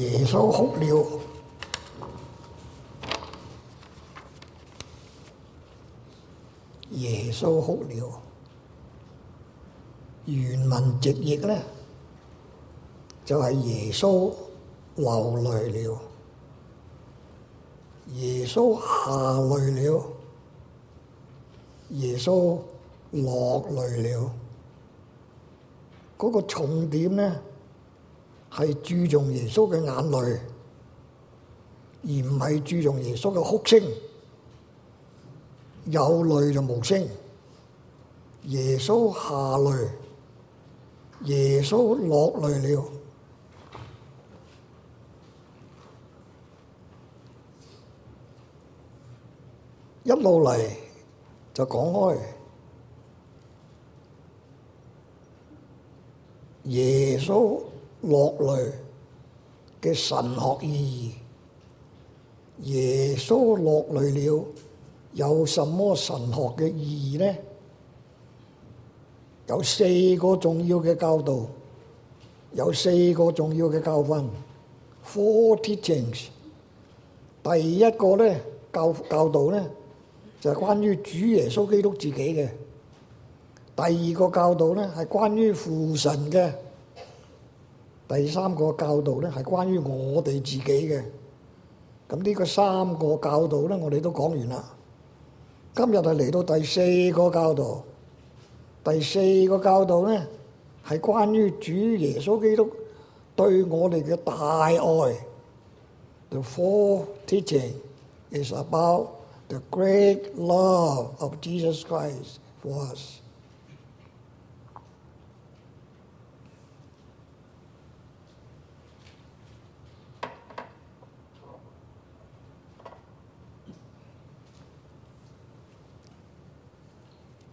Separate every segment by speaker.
Speaker 1: 耶穌哭了，耶穌哭了，原文直譯呢，就係、是、耶穌流淚了，耶穌下淚了，耶穌落淚了，嗰、那個重點呢？係注重耶穌嘅眼淚，而唔係注重耶穌嘅哭聲。有淚就無聲，耶穌下淚，耶穌落淚了。一路嚟就講開耶穌落淚嘅神學意義，耶穌落淚了，有什麼神學嘅意義呢？有四個重要嘅教導，有四個重要嘅教訓。Four teachings。第一個咧教教導咧就係、是、關於主耶穌基督自己嘅。第二個教導咧係關於父神嘅。第三個教導咧係關於我哋自己嘅，咁呢個三個教導咧我哋都講完啦。今日係嚟到第四個教導，第四個教導咧係關於主耶穌基督對我哋嘅大愛。The fourth teaching is about the great love of Jesus Christ for us.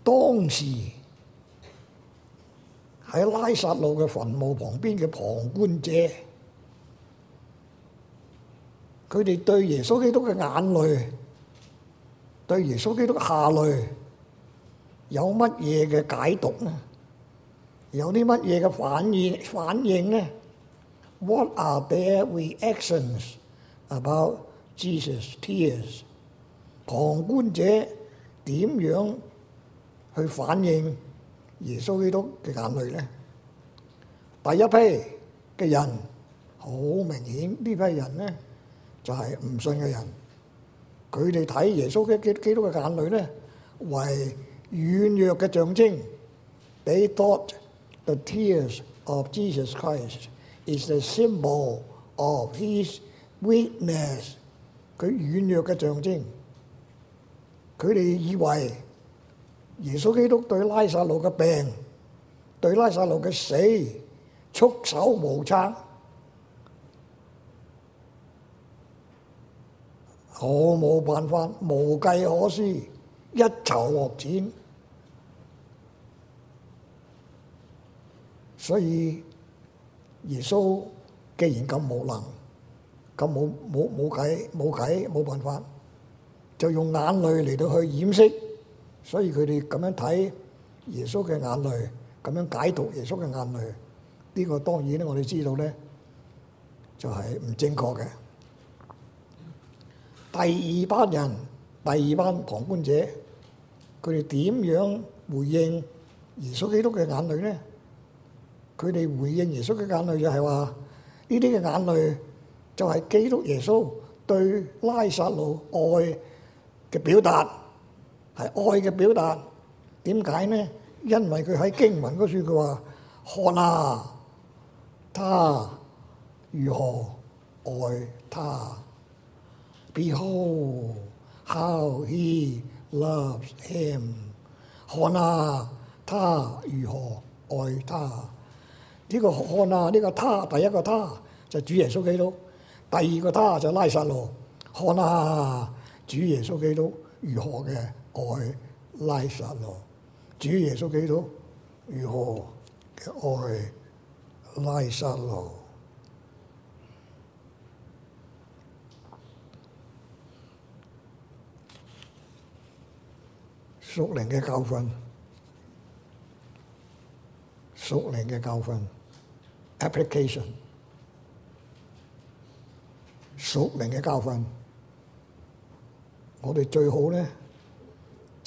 Speaker 1: 當時喺拉薩路嘅墳墓旁邊嘅旁觀者，佢哋對耶穌基督嘅眼淚、對耶穌基督下淚有乜嘢嘅解讀呢？有啲乜嘢嘅反應反應呢？What are their reactions about Jesus' tears？旁觀者點樣？去反映耶穌基督嘅眼淚咧，第一批嘅人好明顯，呢批人咧就係唔信嘅人。佢哋睇耶穌基督嘅眼淚咧，為軟弱嘅象徵。They thought the tears of Jesus Christ is the symbol of his weakness。佢軟弱嘅象徵，佢哋以為。耶穌基督對拉撒路嘅病，對拉撒路嘅死，束手無策，毫無辦法，無計可施，一籌莫展。所以耶穌既然咁無能，咁冇冇冇計冇計冇辦法，就用眼淚嚟到去掩飾。所以佢哋咁樣睇耶穌嘅眼淚，咁樣解讀耶穌嘅眼淚，呢個當然咧，我哋知道咧，就係唔正確嘅。第二班人，第二班旁觀者，佢哋點樣回應耶穌基督嘅眼淚咧？佢哋回應耶穌嘅眼淚就係話：呢啲嘅眼淚就係基督耶穌對拉撒路愛嘅表達。係愛嘅表達，點解呢？因為佢喺經文嗰處，佢話看哪，他如何愛他。Behold how he loves him。看哪，他如何愛他？呢個看哪，呢個他，第一個他就主耶穌基督，第二個他就拉撒路。看哪，主耶穌基督如何嘅？愛拉撒路，至於耶穌基督如何嘅愛拉撒路？屬靈嘅教訓，屬靈嘅教訓，application，屬靈嘅教訓，我哋最好咧。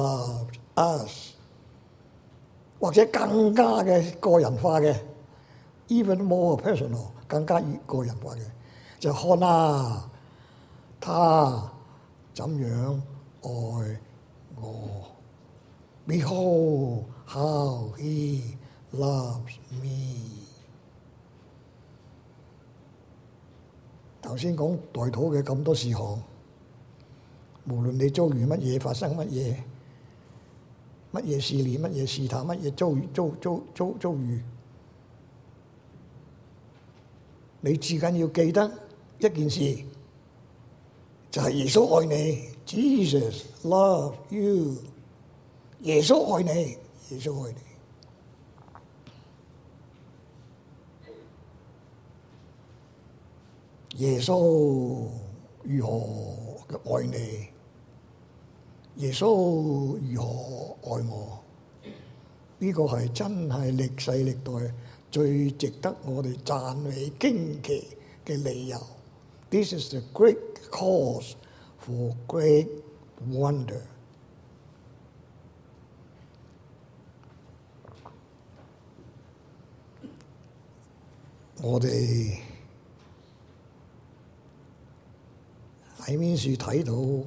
Speaker 1: Love us 或者更加嘅個人化嘅，even more personal，更加越個人化嘅，就看啦，他怎樣愛我。Behold how he loves me。頭先講代土嘅咁多事項，無論你遭遇乜嘢，發生乜嘢。乜嘢試練，乜嘢試探，乜嘢遭遇遭遭遭遭遇，你至緊要記得一件事，就係、是、耶穌愛你，Jesus love you。耶穌愛你，耶穌愛你，耶穌如何嘅愛你？耶穌如何愛我？呢個係真係歷世歷代最值得我哋讚美驚奇嘅理由。This is the great cause for great wonder。我哋喺面書睇到。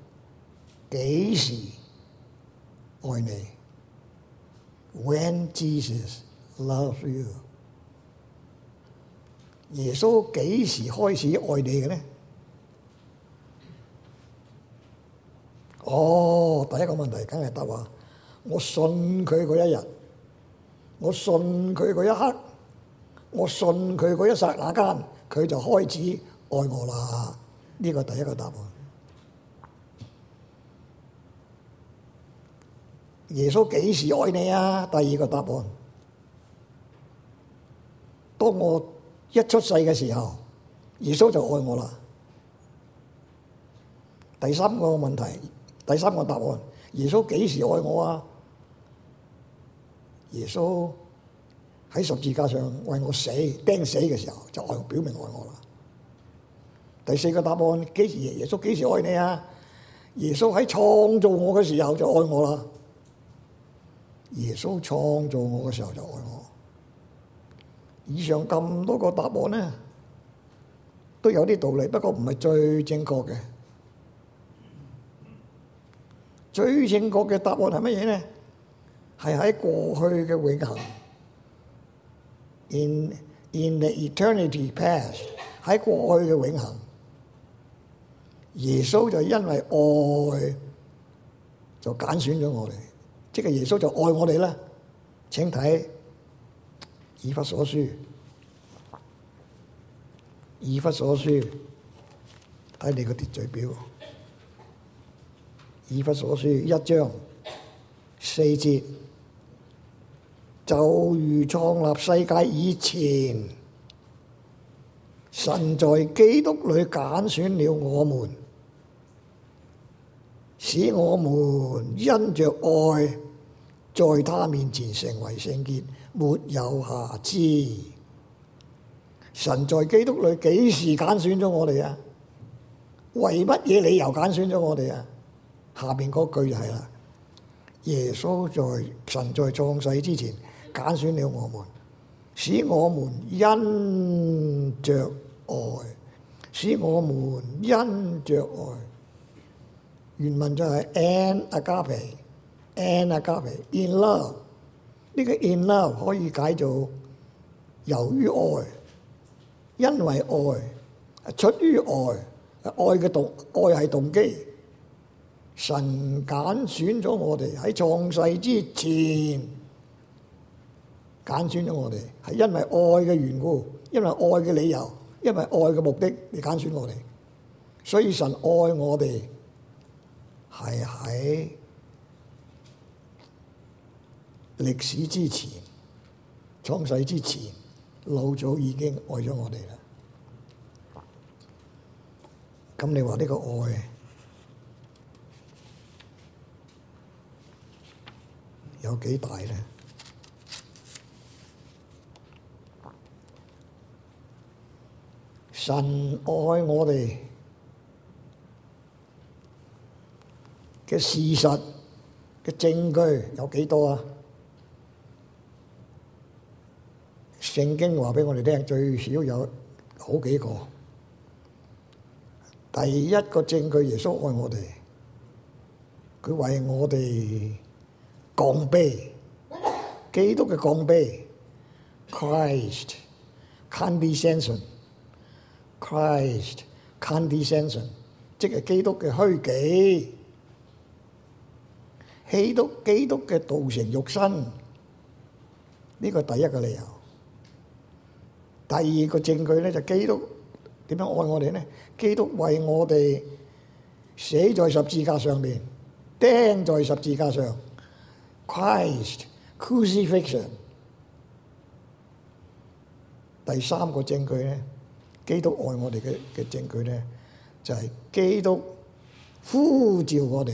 Speaker 1: 幾時愛你，When Jesus loves you，耶穌幾時開始愛你嘅呢？哦，第一個問題梗係答話，我信佢嗰一日，我信佢嗰一刻，我信佢嗰一剎那間，佢就開始愛我啦。呢個第一個答案。耶穌幾時愛你啊？第二個答案：當我一出世嘅時候，耶穌就愛我啦。第三個問題，第三個答案：耶穌幾時愛我啊？耶穌喺十字架上為我死，釘死嘅時候，就愛表明愛我啦。第四個答案：幾時耶穌幾時愛你啊？耶穌喺創造我嘅時候就愛我啦。耶穌創造我嘅時候就愛我。以上咁多個答案呢，都有啲道理，不過唔係最正確嘅。最正確嘅答案係乜嘢呢？係喺過去嘅永恆，in in the eternity past，喺過去嘅永恆，耶穌就因為愛，就揀選咗我哋。即係耶穌就愛我哋啦，請睇以弗所書，以弗所書睇你個秩序表，以弗所書一章四節，就如創立世界以前，神在基督裏揀選了我們。使我們因着愛，在他面前成為聖潔，沒有瑕疵。神在基督裏幾時揀選咗我哋啊？為乜嘢理由揀選咗我哋啊？下面嗰句就係啦，耶穌在神在創世之前揀選了我們，使我們因着愛，使我們因着愛。原文就係 and agape，and agape in love。呢個 in love 可以解做由於愛，因為愛，出於愛，愛嘅動，愛係動機。神揀選咗我哋喺創世之前，揀選咗我哋，係因為愛嘅緣故，因為愛嘅理由，因為愛嘅目的而揀選我哋。所以神愛我哋。係喺歷史之前、創世之前，老早已經愛咗我哋啦。咁你話呢個愛有幾大咧？神愛我哋嘅事實嘅證據有幾多啊？聖經話俾我哋聽，最少有好幾個。第一個證據，耶穌愛我哋，佢為我哋降卑，基督嘅降卑，Christ，Kenosis，Christ，Kenosis，Christ, en, Christ, en, 即係基督嘅虛己。基督基督嘅道成肉身，呢、這個第一個理由。第二個證據咧就是、基督點樣愛我哋呢？基督為我哋死在十字架上面，釘在十字架上，Christ Crucifixion。第三個證據呢，基督愛我哋嘅嘅證據呢，就係、是、基督呼，呼召我哋。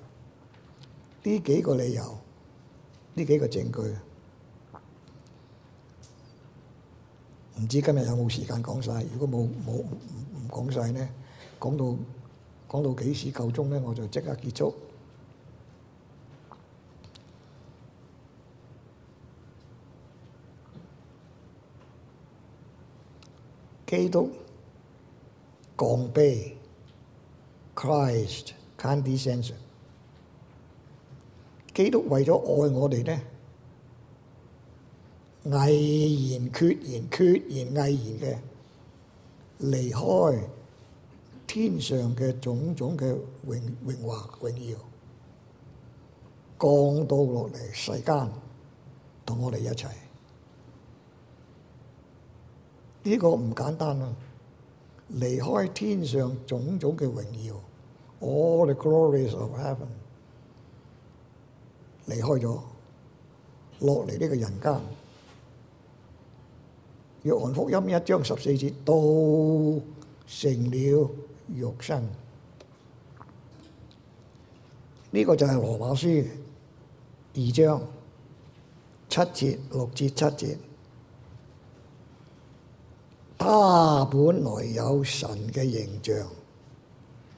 Speaker 1: 呢幾個理由，呢幾個證據，唔知今日有冇時間講晒。如果冇冇唔講晒呢，講到講到幾時夠鐘呢？我就即刻結束。基督降卑，Christ，condescends。基督為咗愛我哋呢，毅然決然，決然毅然嘅離開天上嘅種種嘅榮榮華榮耀，降到落嚟世間，同我哋一齊。呢個唔簡單啊！離開天上種種嘅榮耀，All the glories of heaven。離開咗，落嚟呢個人間。約翰福音一章十四節，到成了肉身。呢、這個就係羅馬書二章七節六節、七節。他本來有神嘅形象，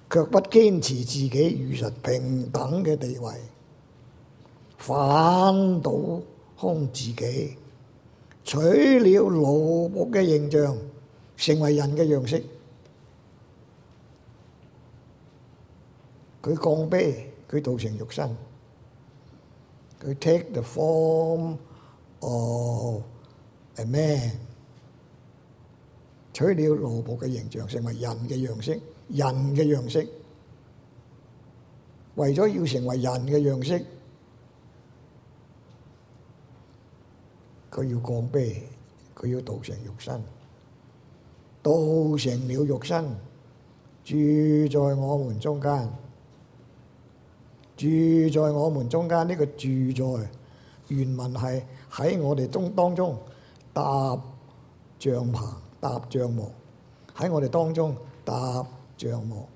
Speaker 1: 卻不堅持自己與神平等嘅地位。反倒空自己，取了奴僕嘅形象，成為人嘅樣式。佢降卑，佢道成肉身。佢 take the form of a man，取了奴僕嘅形象，成為人嘅樣式，人嘅樣式。為咗要成為人嘅樣式。佢要降卑，佢要道成肉身，道成了肉身，住在我們中間，住在我們中間。呢個住在原文係喺我哋中當中搭帳篷搭帳幕，喺我哋當中搭帳幕，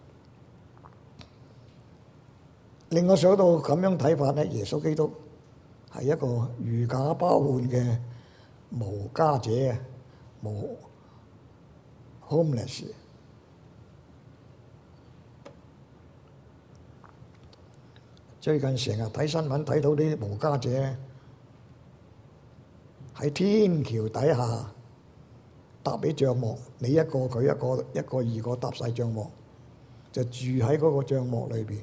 Speaker 1: 令我想到咁樣睇法呢，耶穌基督。係一個如假包換嘅無家者，無 homeless。最近成日睇新聞，睇到啲無家者喺天橋底下搭起帳幕，你一個佢一個，一個，一個二個搭晒帳幕，就住喺嗰個帳幕裏邊。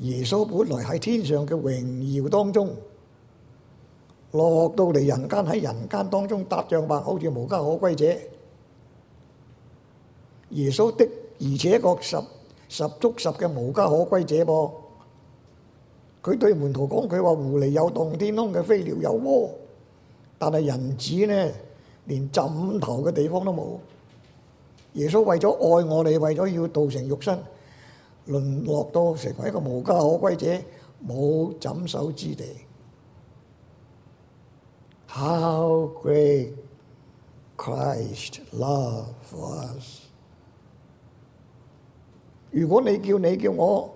Speaker 1: 耶穌本來喺天上嘅榮耀當中，落到嚟人間，喺人間當中搭帳棚，好似無家可歸者。耶穌的而且確十十足十嘅無家可歸者噃。佢對門徒講：佢話狐狸有洞，天空嘅飛鳥有窩，但係人子呢，連枕頭嘅地方都冇。耶穌為咗愛我哋，為咗要道成肉身。淪落到成為一個無家可歸者，冇枕首之地。How great Christ love us！如果你叫你叫我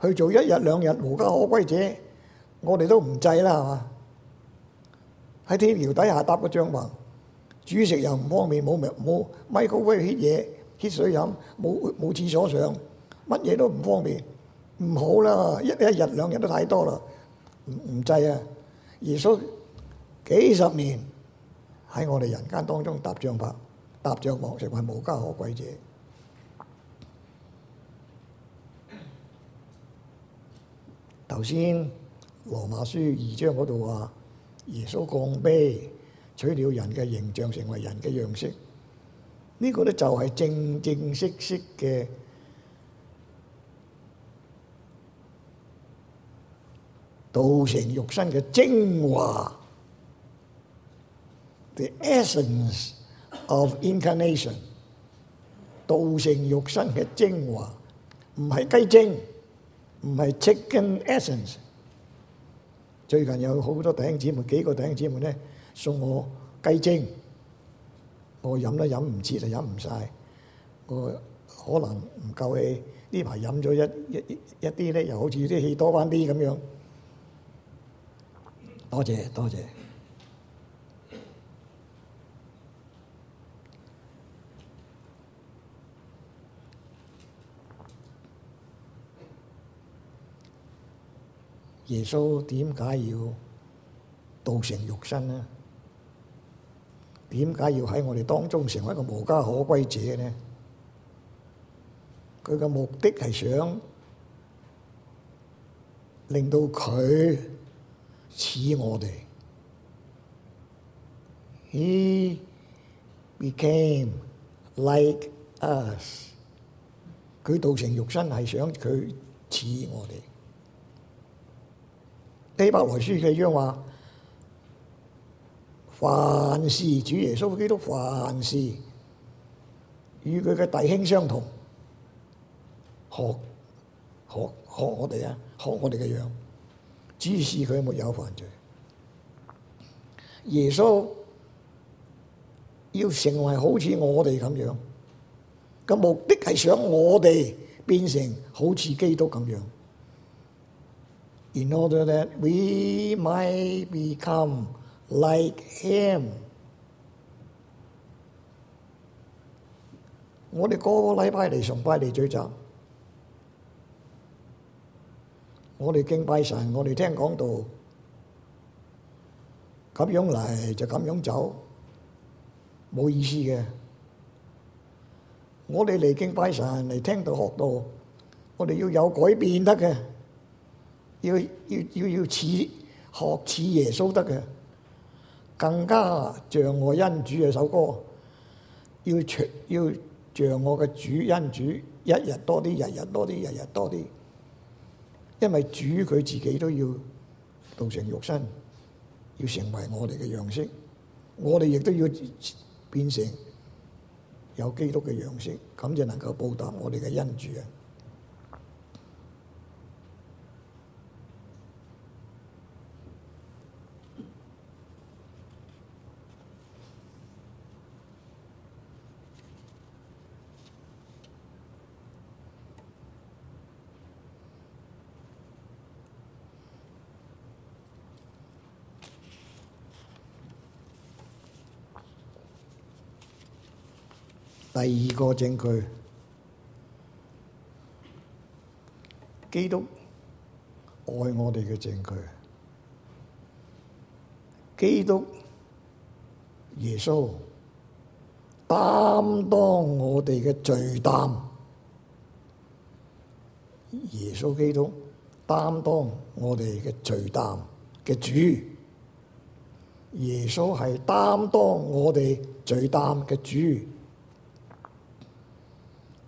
Speaker 1: 去做一日兩日無家可歸者，我哋都唔制啦，係嘛？喺天橋底下搭個帳篷，煮食又唔方便，冇冇 microwave 嘢，熱水飲，冇冇廁所上。乜嘢都唔方便，唔好啦！一一日兩日都太多啦，唔制濟啊！耶穌幾十年喺我哋人間當中搭帳棚、搭帳幕，成為無家可歸者。頭先羅馬書二章嗰度話，耶穌降卑，取了人嘅形象，成為人嘅樣式。呢、這個呢就係正正式式嘅。道成肉身嘅精華，the essence of incarnation，道成肉身嘅精華唔係雞精，唔係 chicken essence。最近有好多頂子們幾個頂子們咧送我雞精，我飲都飲唔切啊，飲唔晒。我可能唔夠氣，呢排飲咗一一一一啲咧，又好似啲氣多翻啲咁樣。多謝，多謝。耶穌點解要道成肉身呢？點解要喺我哋當中成為一個無家可歸者呢？佢嘅目的係想令到佢，似我哋，He became like us。佢道成肉身係想佢似我哋。《希伯來書》嘅章話，凡事主耶穌基督，凡事與佢嘅弟兄相同，學學學我哋啊，學我哋嘅樣。只是佢沒有犯罪。耶穌要成為好似我哋咁樣，個目的係想我哋變成好似基督咁樣。In order that We might become like him。我哋個個禮拜嚟崇拜嚟追習。我哋敬拜神，我哋聽講道，咁樣嚟就咁樣走，冇意思嘅。我哋嚟敬拜神，嚟聽到學到，我哋要有改變得嘅，要要要要似學似耶穌得嘅，更加像我恩主嘅首歌，要要像我嘅主恩主，一日多啲，日日多啲，日日多啲。因為主佢自己都要道成肉身，要成為我哋嘅樣式，我哋亦都要變成有基督嘅樣式，咁就能夠報答我哋嘅恩主啊！第二個證據，基督愛我哋嘅證據，基督耶穌擔當我哋嘅罪擔，耶穌基督擔當我哋嘅罪擔嘅主，耶穌係擔當我哋罪擔嘅主。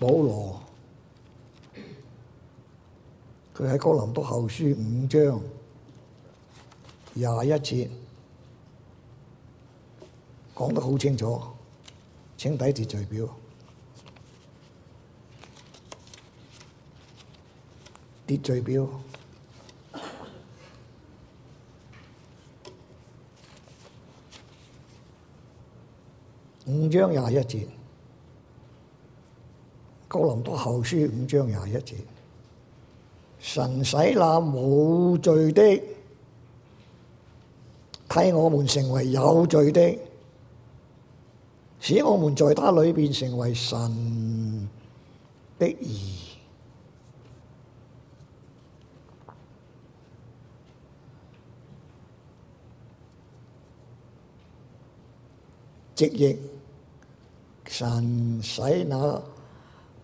Speaker 1: 保羅，佢喺哥林多後書五章廿一節講得好清楚，請睇秩序表，秩序表五章廿一節。《哥林多後書》五章廿一節：神使那無罪的替我們成為有罪的，使我們在他裏面成為神的兒，直譯。神使那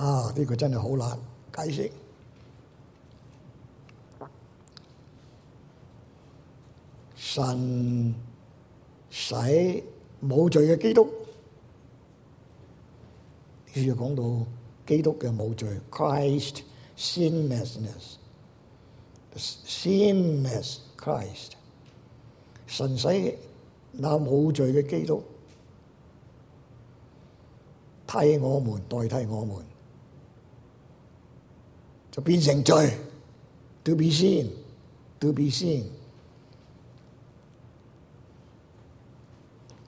Speaker 1: 啊！呢個真係好難解釋。神使無罪嘅基督，呢處講到基督嘅無罪，Christ sinlessness，sinless Christ。神使那無罪嘅基督替我們，代替我們。就變成罪，to be sin，to be sin。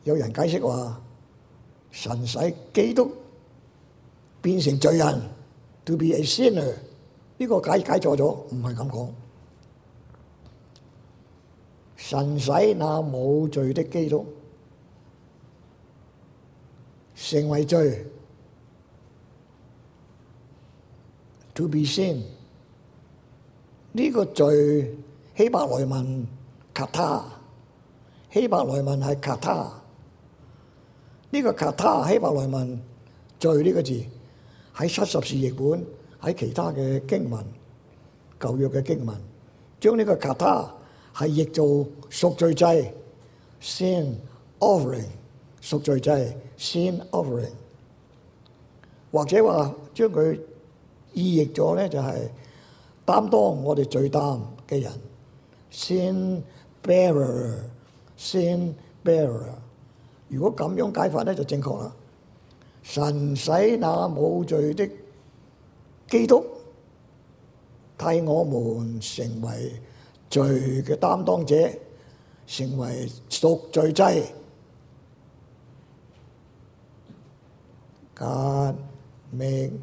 Speaker 1: 有人解釋話神使基督變成罪人，to be a sinner。呢個解解錯咗，唔係噉講。神使那冇罪的基督成為罪。to be seen 呢個罪希伯來文 kata 希伯來文係 kata 呢個 kata 希伯來文罪呢個字喺七十士譯本喺其他嘅經文舊約嘅經文將呢個 kata 係譯做贖罪祭 sin offering 贖罪祭 sin offering 或者話將佢意譯咗咧，就係擔當我哋罪擔嘅人，sin bearer，sin bearer。如果咁樣解法咧，就正確啦。神使那無罪的基督替我們成為罪嘅擔當者，成為贖罪祭。God make。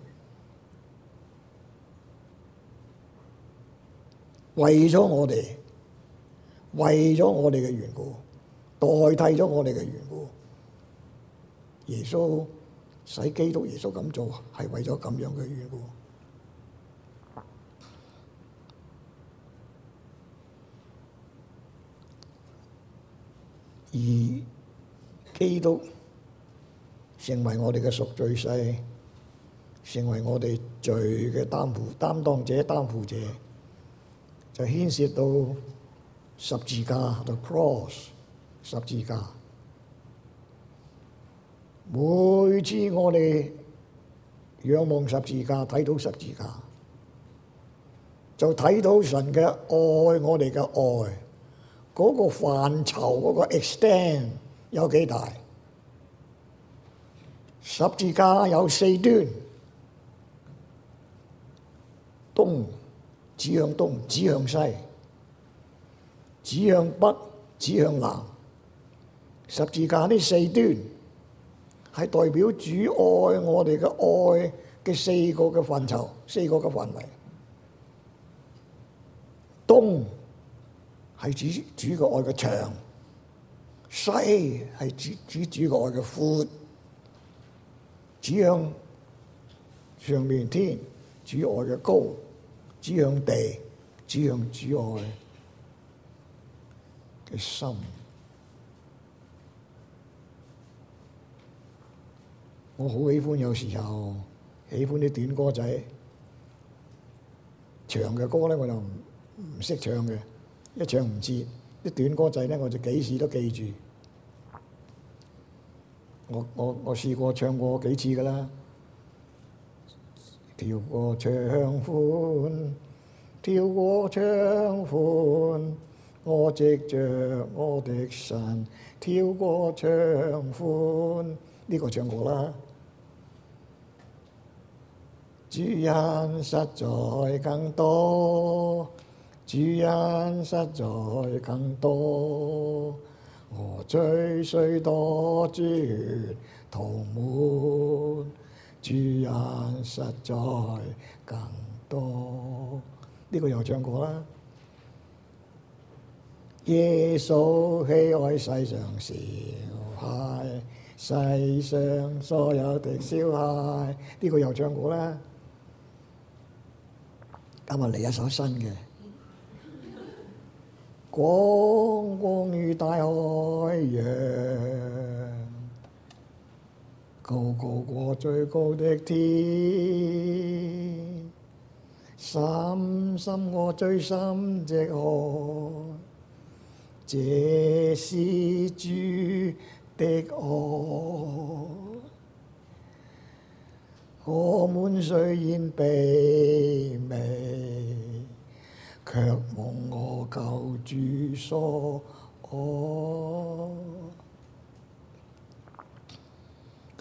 Speaker 1: 為咗我哋，為咗我哋嘅緣故，代替咗我哋嘅緣故，耶穌使基督耶穌咁做，係為咗咁樣嘅緣故。而基督成為我哋嘅贖罪祭，成為我哋罪嘅擔負擔當者、擔負者。就牽涉到十字架，the cross 十字架。每次我哋仰望十字架，睇到十字架，就睇到神嘅愛，我哋嘅愛嗰、那個範疇，嗰、那個 extent 有幾大？十字架有四端，東。指向東，指向西，指向北，指向南。十字架呢四端係代表主愛我哋嘅愛嘅四個嘅範疇，四個嘅範圍。東係指主主嘅愛嘅長，西係指主主主嘅愛嘅闊，指向上面天，主愛嘅高。主向地，主向主愛嘅心，我好喜歡。有時候喜歡啲短歌仔，長嘅歌咧我就唔唔識唱嘅，一唱唔切。啲短歌仔咧我就幾時都記住，我我我試過唱過幾次㗎喇。跳過牆垣，跳過牆垣，我藉着我的神跳過牆垣。呢、這個唱過啦， 主恩實在更多，主恩實在更多，我最需多主同滿。主恩實在更多，呢、這個又唱過啦。耶穌喜愛世上小孩，世上所有的小孩，呢、這個又唱過啦。今日嚟一首新嘅， 光光與大海洋。高過我最高的天，深深我最深的海，這是主的愛。我們雖然卑微，卻望我救主所愛。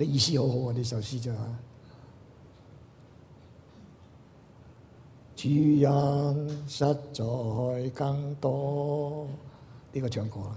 Speaker 1: 佢意思好好啊，呢首詩就啊，主人實在更多，呢、這個唱過啦，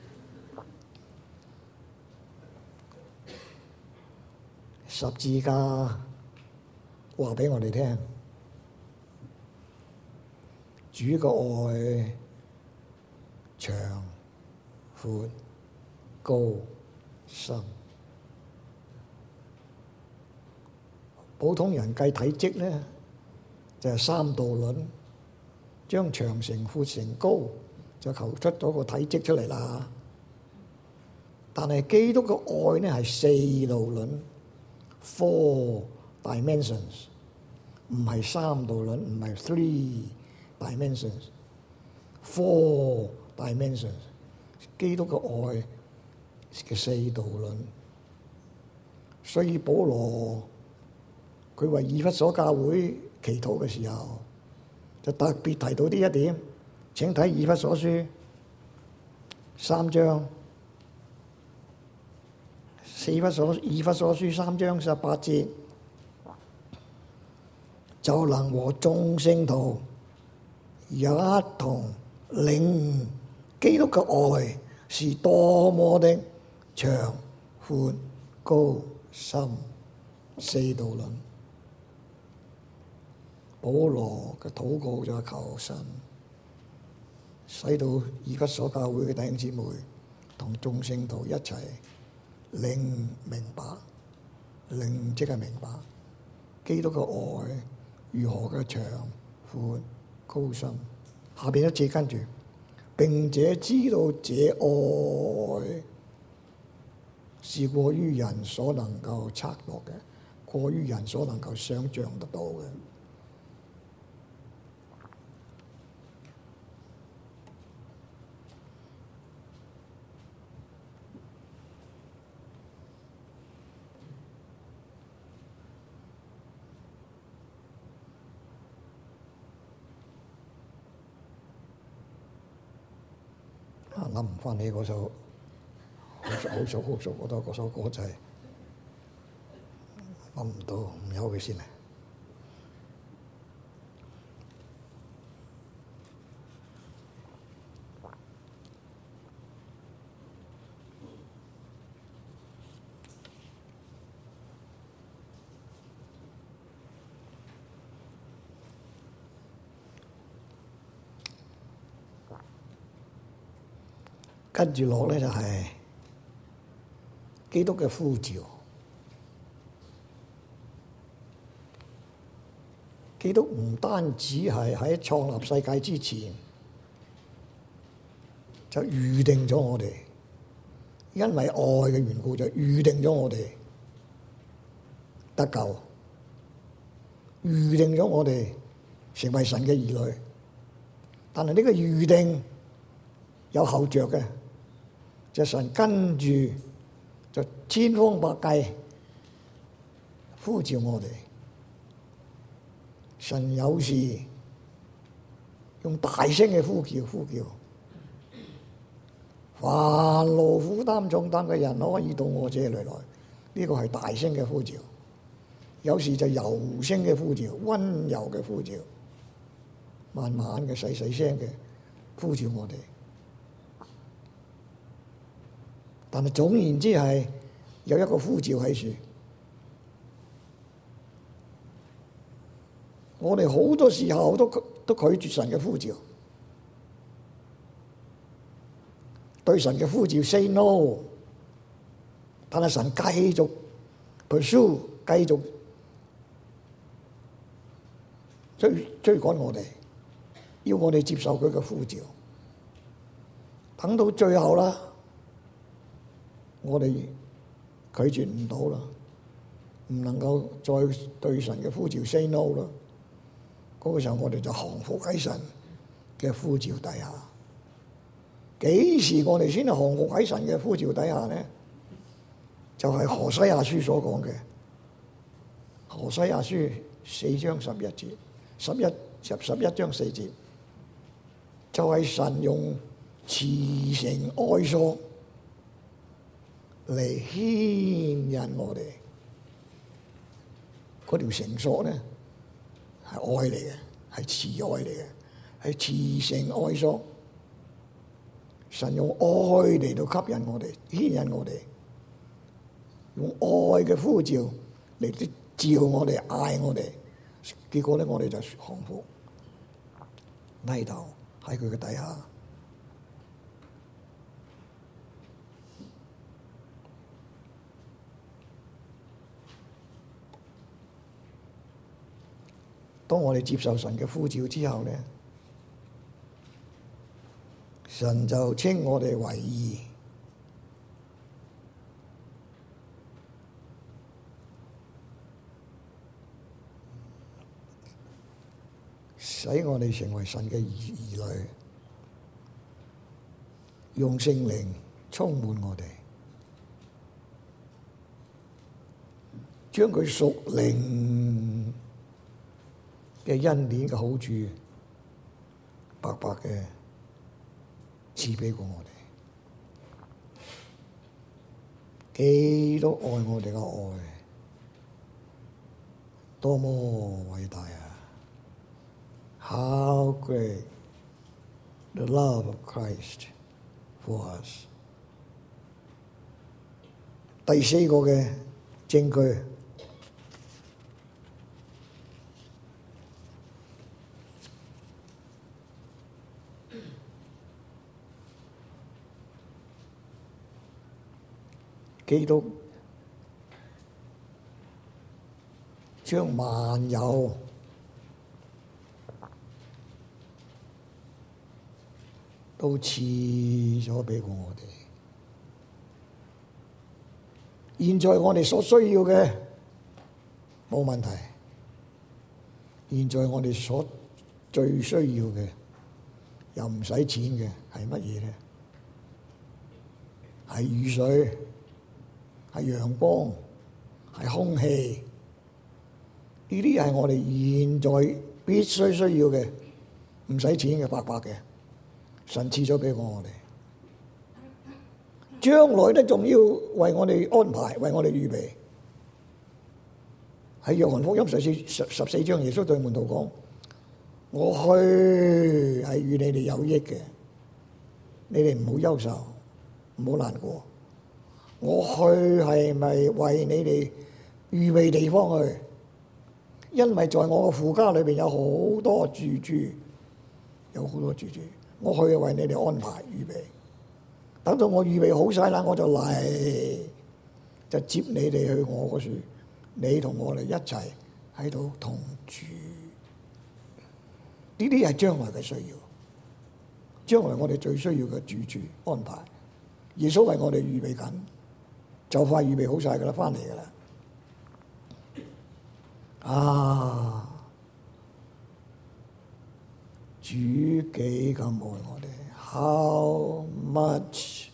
Speaker 1: 十字架話俾我哋聽，主嘅愛長闊高深。普通人計體積呢，就係、是、三度輪，將長乘闊乘高，高就求出咗個體積出嚟啦。但係基督嘅愛呢，係四度輪。Four dimensions 唔係三度論，唔係 three dimensions，four dimensions。基督嘅愛嘅四度論。所以保羅佢為以弗所教會祈禱嘅時候，就特別提到呢一點。請睇以弗所書三章。四不所、二不所書三章十八節，就能和眾聖徒一同領悟基督嘅愛是多麼的長闊高深。四道論，保羅嘅禱告就係求神，使到二不所教會嘅弟兄姊妹同眾聖徒一齊，令明白，令即係明白基督嘅愛如何嘅長闊高深。下邊一次跟住，並且知道這愛是過於人所能夠測度嘅，過於人所能夠想象得到嘅。諗唔翻起嗰首好熟好熟好熟嗰首，嗰首歌就係諗唔到，唔喐佢先。跟住落咧就係、是、基督嘅呼召。基督唔單止係喺創立世界之前就預定咗我哋，因為愛嘅緣故就預定咗我哋得救，預定咗我哋成為神嘅兒女。但係呢個預定有後著嘅。就神跟住就千方百計呼召我哋，神有時用大聲嘅呼叫呼叫，凡勞苦擔重擔嘅人可以到我這裏來。呢、這個係大聲嘅呼召，有時就柔聲嘅呼召，溫柔嘅呼召，慢慢嘅細細聲嘅呼召我哋。但係總言之係有一個呼召喺處，我哋好多時候都拒絕神嘅呼召，對神嘅呼召 say no，但係神繼續 pursue 繼續追追趕我哋，要我哋接受佢嘅呼召，等到最後啦。我哋拒絕唔到啦，唔能夠再對神嘅呼召 say no 啦。嗰個時候，我哋就降服喺神嘅呼召底下。幾時我哋先係降服喺神嘅呼召底下呢？就係、是、何西亞書所講嘅。何西亞書四章十一節，十一十十一章四節，就係、是、神用慈繩愛索。嚟牽引我哋，嗰條繩索咧係愛嚟嘅，係慈愛嚟嘅，係慈繩愛索。神用愛嚟到吸引我哋，牽引我哋，用愛嘅呼召嚟啲召我哋，嗌我哋。結果咧，我哋就降服，低頭喺佢嘅底下。當我哋接受神嘅呼召之後呢，神就稱我哋為義，使我哋成為神嘅兒女，用聖靈充滿我哋，將佢屬靈。嘅恩典嘅好處，白白嘅賜俾過我哋，基督愛我哋嘅愛，多麼偉大啊！How great the love of Christ for us！第四個嘅證據。基督將萬有都賜咗俾過我哋。現在我哋所需要嘅冇問題。現在我哋所最需要嘅又唔使錢嘅係乜嘢咧？係雨水。係陽光，係空氣，呢啲係我哋現在必須需要嘅，唔使錢嘅，白白嘅，神賜咗俾我哋。將來呢，仲要為我哋安排，為我哋預備。喺《約翰福音》十四十十四章，耶穌對門徒講，我去係與你哋有益嘅，你哋唔好憂愁，唔好難過。我去係咪為你哋預備地方去？因為在我個父家裏邊有好多住處，有好多住處。我去為你哋安排預備。等到我預備好晒啦，我就嚟就接你哋去我個處，你同我哋一齊喺度同住。呢啲係將來嘅需要，將來我哋最需要嘅住處安排。耶穌為我哋預備緊。就快預備好晒噶啦，翻嚟噶啦！啊，主幾咁愛我哋，How much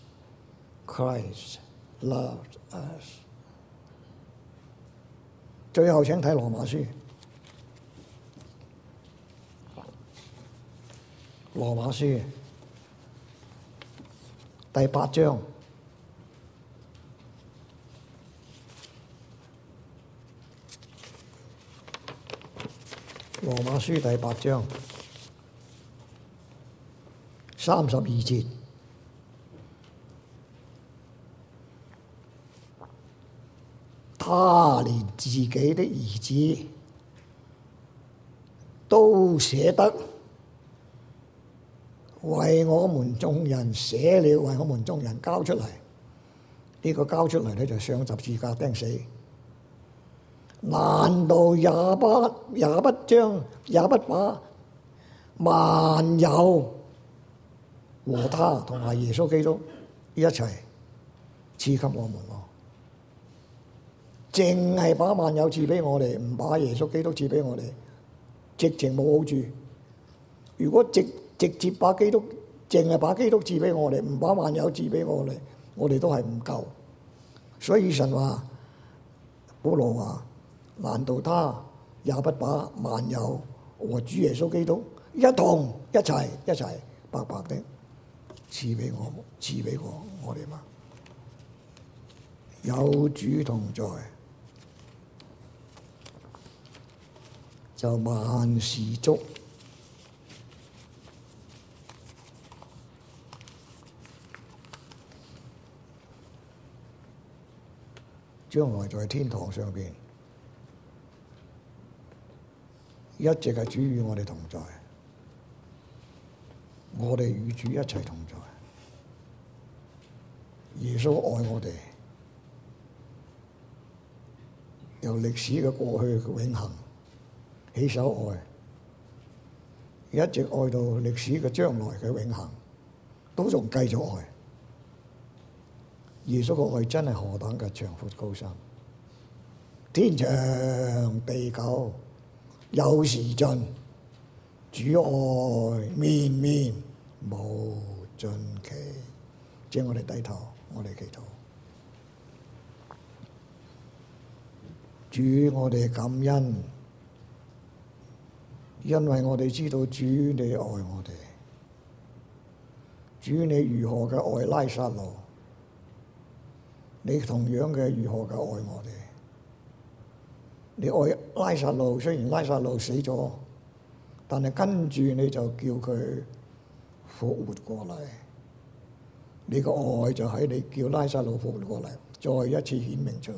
Speaker 1: Christ loved us！最後請睇羅馬書，羅馬書，第八章。《羅馬書》第八章三十二節，他連自己的兒子都捨得為我們眾人寫了，為我們眾人交出嚟。呢、這個交出嚟咧，就上十字架釘死。難道也不也不將也不把萬有和他同埋耶穌基督一齊賜給我們？淨係把萬有賜畀我哋，唔把耶穌基督賜畀我哋，直情冇好處。如果直直接把基督淨係把基督賜畀我哋，唔把萬有賜畀我哋，我哋都係唔夠。所以神話保羅話。難道他也不把萬有和主耶穌基督一同一齊一齊白白的賜俾我，賜俾我我哋嗎？有主同在，就萬事足。將來在天堂上面。一直係主與我哋同在，我哋與主一齊同在。耶穌愛我哋，由歷史嘅過去嘅永恆起首愛，一直愛到歷史嘅將來嘅永恆，都仲繼續愛。耶穌嘅愛真係何等嘅長闊高深，天長地久，有時盡，主愛綿綿無盡期。即係我哋低頭，我哋祈禱。主，我哋感恩，因為我哋知道主你愛我哋。主你如何嘅愛拉撒路，你同樣嘅如何嘅愛我哋。你愛。拉撒路，雖然拉撒路死咗，但係跟住你就叫佢復活過嚟。你個愛就喺你叫拉撒路復活過嚟，再一次顯明出嚟。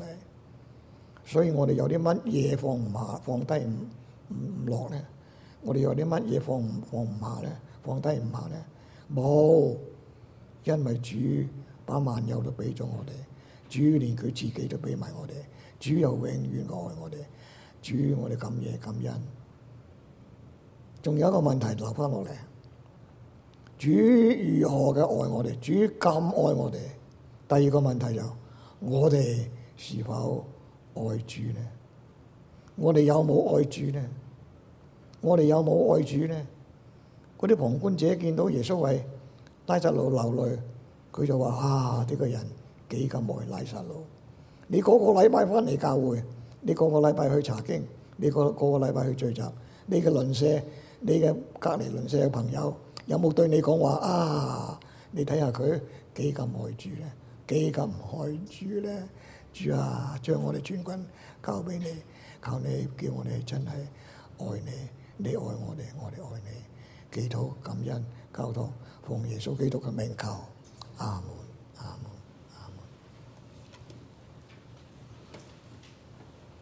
Speaker 1: 所以我哋有啲乜嘢放唔下，放低唔唔落咧？我哋有啲乜嘢放唔放唔下咧？放低唔下咧？冇，因為主把萬有都俾咗我哋，主連佢自己都俾埋我哋，主又永遠愛我哋。主，我哋感恩感恩。仲有一個問題留翻落嚟，主如何嘅愛我哋？主咁愛我哋。第二個問題就，我哋是否愛主呢？我哋有冇愛主呢？我哋有冇愛主呢？嗰啲旁觀者見到耶穌為拉撒路流淚，佢就話：啊，呢個人幾咁愛拉撒路。你嗰個禮拜翻嚟教會？你個個禮拜去查經，你個個個禮拜去聚集，你嘅鄰舍，你嘅隔離鄰舍嘅朋友，有冇對你講話啊？你睇下佢幾咁愛主咧，幾咁愛主咧？主啊，將我哋全軍交俾你，求你，靠你叫我哋真係愛你，你愛我哋，我哋愛你，祈禱感恩交通，奉耶穌基督嘅名求，阿